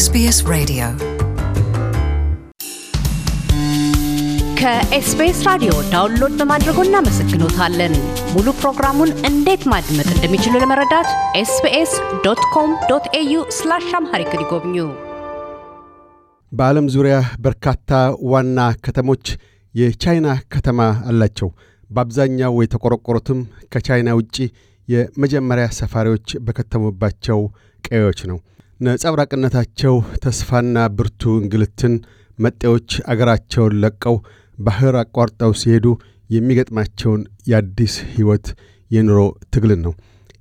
SBS Radio ከኤስቢኤስ ራዲዮ ዳውንሎድ በማድረጎ እናመሰግኖታለን። ሙሉ ፕሮግራሙን እንዴት ማድመጥ እንደሚችሉ ለመረዳት ኤስቢኤስ ዶት ኮም ዶት ኤዩ ስላሽ አምሃሪክ ይጎብኙ። በዓለም ዙሪያ በርካታ ዋና ከተሞች የቻይና ከተማ አላቸው። በአብዛኛው የተቆረቆሩትም ከቻይና ውጪ የመጀመሪያ ሰፋሪዎች በከተሙባቸው ቀዮች ነው። ነጸብራቅነታቸው ተስፋና ብርቱ እንግልትን መጤዎች አገራቸውን ለቀው ባህር አቋርጠው ሲሄዱ የሚገጥማቸውን የአዲስ ሕይወት የኑሮ ትግልን ነው።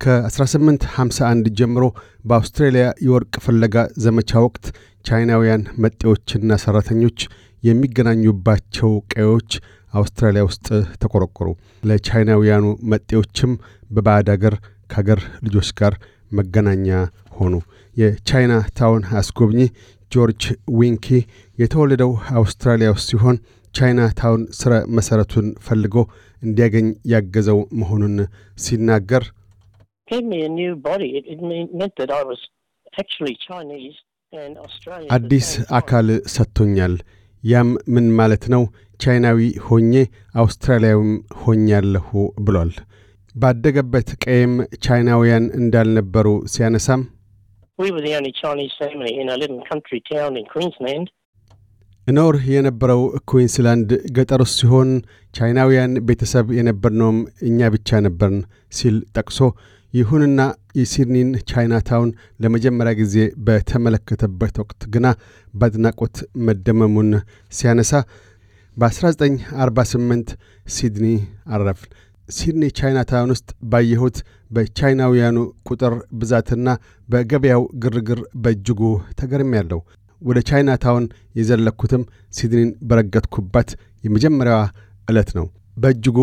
ከ1851 ጀምሮ በአውስትሬልያ የወርቅ ፍለጋ ዘመቻ ወቅት ቻይናውያን መጤዎችና ሠራተኞች የሚገናኙባቸው ቀዮች አውስትራሊያ ውስጥ ተቆረቆሩ። ለቻይናውያኑ መጤዎችም በባዕድ አገር ከአገር ልጆች ጋር መገናኛ ሆኑ። የቻይና ታውን አስጎብኚ ጆርጅ ዊንኪ የተወለደው አውስትራሊያ ውስጥ ሲሆን ቻይና ታውን ሥረ መሠረቱን ፈልጎ እንዲያገኝ ያገዘው መሆኑን ሲናገር አዲስ አካል ሰጥቶኛል። ያም ምን ማለት ነው? ቻይናዊ ሆኜ አውስትራሊያዊም ሆኛለሁ ብሏል። ባደገበት ቀየም ቻይናውያን እንዳልነበሩ ሲያነሳም We were the only Chinese family in a little country town in Queensland. እኖር የነበረው ኩዊንስላንድ ገጠር ውስጥ ሲሆን ቻይናውያን ቤተሰብ የነበርነውም እኛ ብቻ ነበርን ሲል ጠቅሶ ይሁንና የሲድኒን ቻይና ታውን ለመጀመሪያ ጊዜ በተመለከተበት ወቅት ግና በአድናቆት መደመሙን ሲያነሳ በ1948 ሲድኒ አረፍን። ሲድኒ ቻይና ታውን ውስጥ ባየሁት በቻይናውያኑ ቁጥር ብዛትና በገበያው ግርግር በእጅጉ ተገርሜያለሁ። ወደ ቻይና ታውን የዘለኩትም ሲድኒን በረገጥኩባት የመጀመሪያዋ ዕለት ነው። በእጅጉ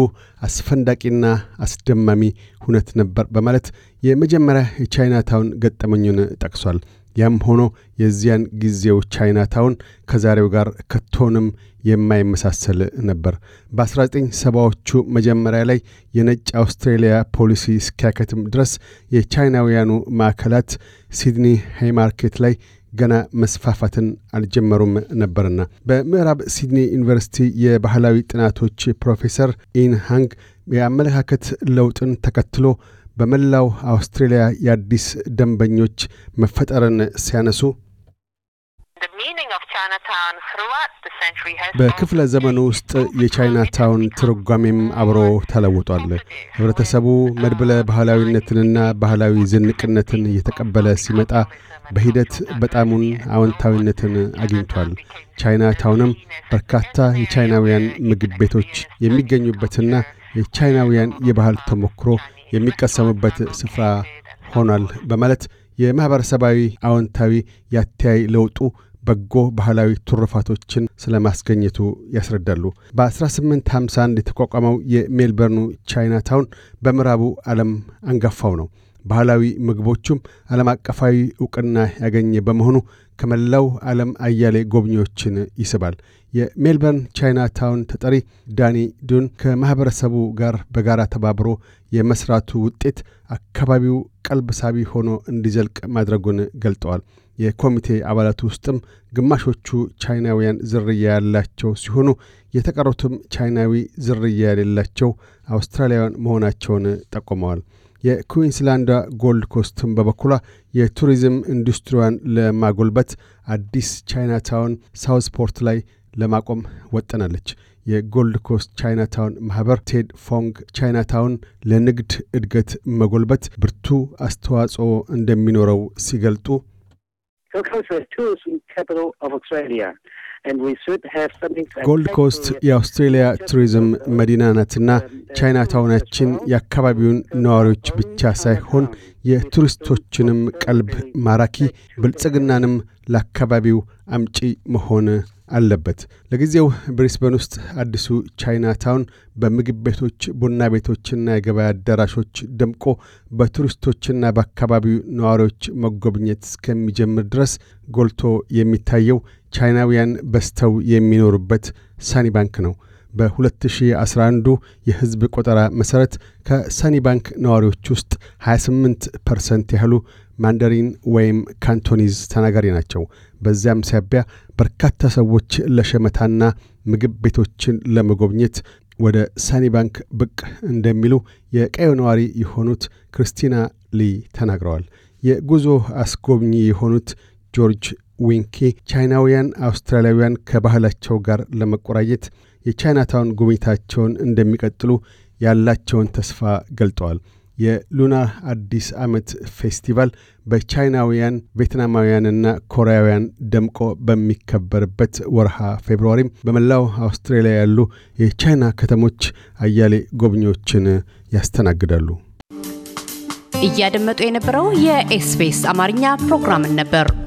አስፈንዳቂና አስደማሚ ሁነት ነበር በማለት የመጀመሪያ የቻይና ታውን ገጠመኙን ጠቅሷል። ያም ሆኖ የዚያን ጊዜው ቻይናታውን ከዛሬው ጋር ከቶንም የማይመሳሰል ነበር። በ1970ዎቹ መጀመሪያ ላይ የነጭ አውስትሬልያ ፖሊሲ እስኪያከትም ድረስ የቻይናውያኑ ማዕከላት ሲድኒ ሃይማርኬት ላይ ገና መስፋፋትን አልጀመሩም ነበርና በምዕራብ ሲድኒ ዩኒቨርሲቲ የባህላዊ ጥናቶች ፕሮፌሰር ኢንሃንግ የአመለካከት ለውጥን ተከትሎ በመላው አውስትሬልያ የአዲስ ደንበኞች መፈጠርን ሲያነሱ በክፍለ ዘመኑ ውስጥ የቻይና ታውን ትርጓሜም አብሮ ተለውጧል። ህብረተሰቡ መድብለ ባህላዊነትንና ባህላዊ ዝንቅነትን እየተቀበለ ሲመጣ በሂደት በጣሙን አዎንታዊነትን አግኝቷል። ቻይና ታውንም በርካታ የቻይናውያን ምግብ ቤቶች የሚገኙበትና የቻይናውያን የባህል ተሞክሮ የሚቀሰሙበት ስፍራ ሆኗል በማለት የማኅበረሰባዊ አዎንታዊ ያተያይ ለውጡ በጎ ባህላዊ ትሩፋቶችን ስለ ማስገኘቱ ያስረዳሉ። በ1851 የተቋቋመው የሜልበርኑ ቻይና ታውን በምዕራቡ ዓለም አንጋፋው ነው። ባህላዊ ምግቦቹም ዓለም አቀፋዊ እውቅና ያገኘ በመሆኑ ከመላው ዓለም አያሌ ጎብኚዎችን ይስባል። የሜልበርን ቻይና ታውን ተጠሪ ዳኒ ዱን ከማኅበረሰቡ ጋር በጋራ ተባብሮ የመስራቱ ውጤት አካባቢው ቀልብ ሳቢ ሆኖ እንዲዘልቅ ማድረጉን ገልጠዋል። የኮሚቴ አባላት ውስጥም ግማሾቹ ቻይናውያን ዝርያ ያላቸው ሲሆኑ የተቀሩትም ቻይናዊ ዝርያ የሌላቸው አውስትራሊያውያን መሆናቸውን ጠቁመዋል። የኩዊንስላንዷ ጎልድ ኮስትም በበኩሏ የቱሪዝም ኢንዱስትሪዋን ለማጎልበት አዲስ ቻይናታውን ሳውስፖርት ላይ ለማቆም ወጠናለች። የጎልድ ኮስት ቻይናታውን ማህበር ቴድ ፎንግ ቻይናታውን ለንግድ እድገት መጎልበት ብርቱ አስተዋጽኦ እንደሚኖረው ሲገልጡ ጎልድ ኮስት የአውስትሬልያ ቱሪዝም መዲና ናትና ቻይና ታውናችን የአካባቢውን ነዋሪዎች ብቻ ሳይሆን የቱሪስቶችንም ቀልብ ማራኪ ብልጽግናንም ለአካባቢው አምጪ መሆን አለበት። ለጊዜው ብሪስበን ውስጥ አዲሱ ቻይና ታውን በምግብ ቤቶች፣ ቡና ቤቶችና የገበያ አዳራሾች ደምቆ በቱሪስቶችና በአካባቢው ነዋሪዎች መጎብኘት እስከሚጀምር ድረስ ጎልቶ የሚታየው ቻይናውያን በዝተው የሚኖሩበት ሳኒ ባንክ ነው። በ2011 የሕዝብ ቆጠራ መሠረት ከሳኒ ባንክ ነዋሪዎች ውስጥ 28 ፐርሰንት ያህሉ ማንደሪን ወይም ካንቶኒዝ ተናጋሪ ናቸው። በዚያም ሳቢያ በርካታ ሰዎች ለሸመታና ምግብ ቤቶችን ለመጎብኘት ወደ ሳኒ ባንክ ብቅ እንደሚሉ የቀዩ ነዋሪ የሆኑት ክርስቲና ሊ ተናግረዋል። የጉዞ አስጎብኚ የሆኑት ጆርጅ ዊንኬ ቻይናውያን አውስትራሊያውያን ከባህላቸው ጋር ለመቆራየት የቻይናታውን ጉብኝታቸውን እንደሚቀጥሉ ያላቸውን ተስፋ ገልጠዋል። የሉና አዲስ ዓመት ፌስቲቫል በቻይናውያን ቬትናማውያንና ኮሪያውያን ደምቆ በሚከበርበት ወርሃ ፌብርዋሪም በመላው አውስትራሊያ ያሉ የቻይና ከተሞች አያሌ ጎብኚዎችን ያስተናግዳሉ። እያደመጡ የነበረው የኤስፔስ አማርኛ ፕሮግራምን ነበር።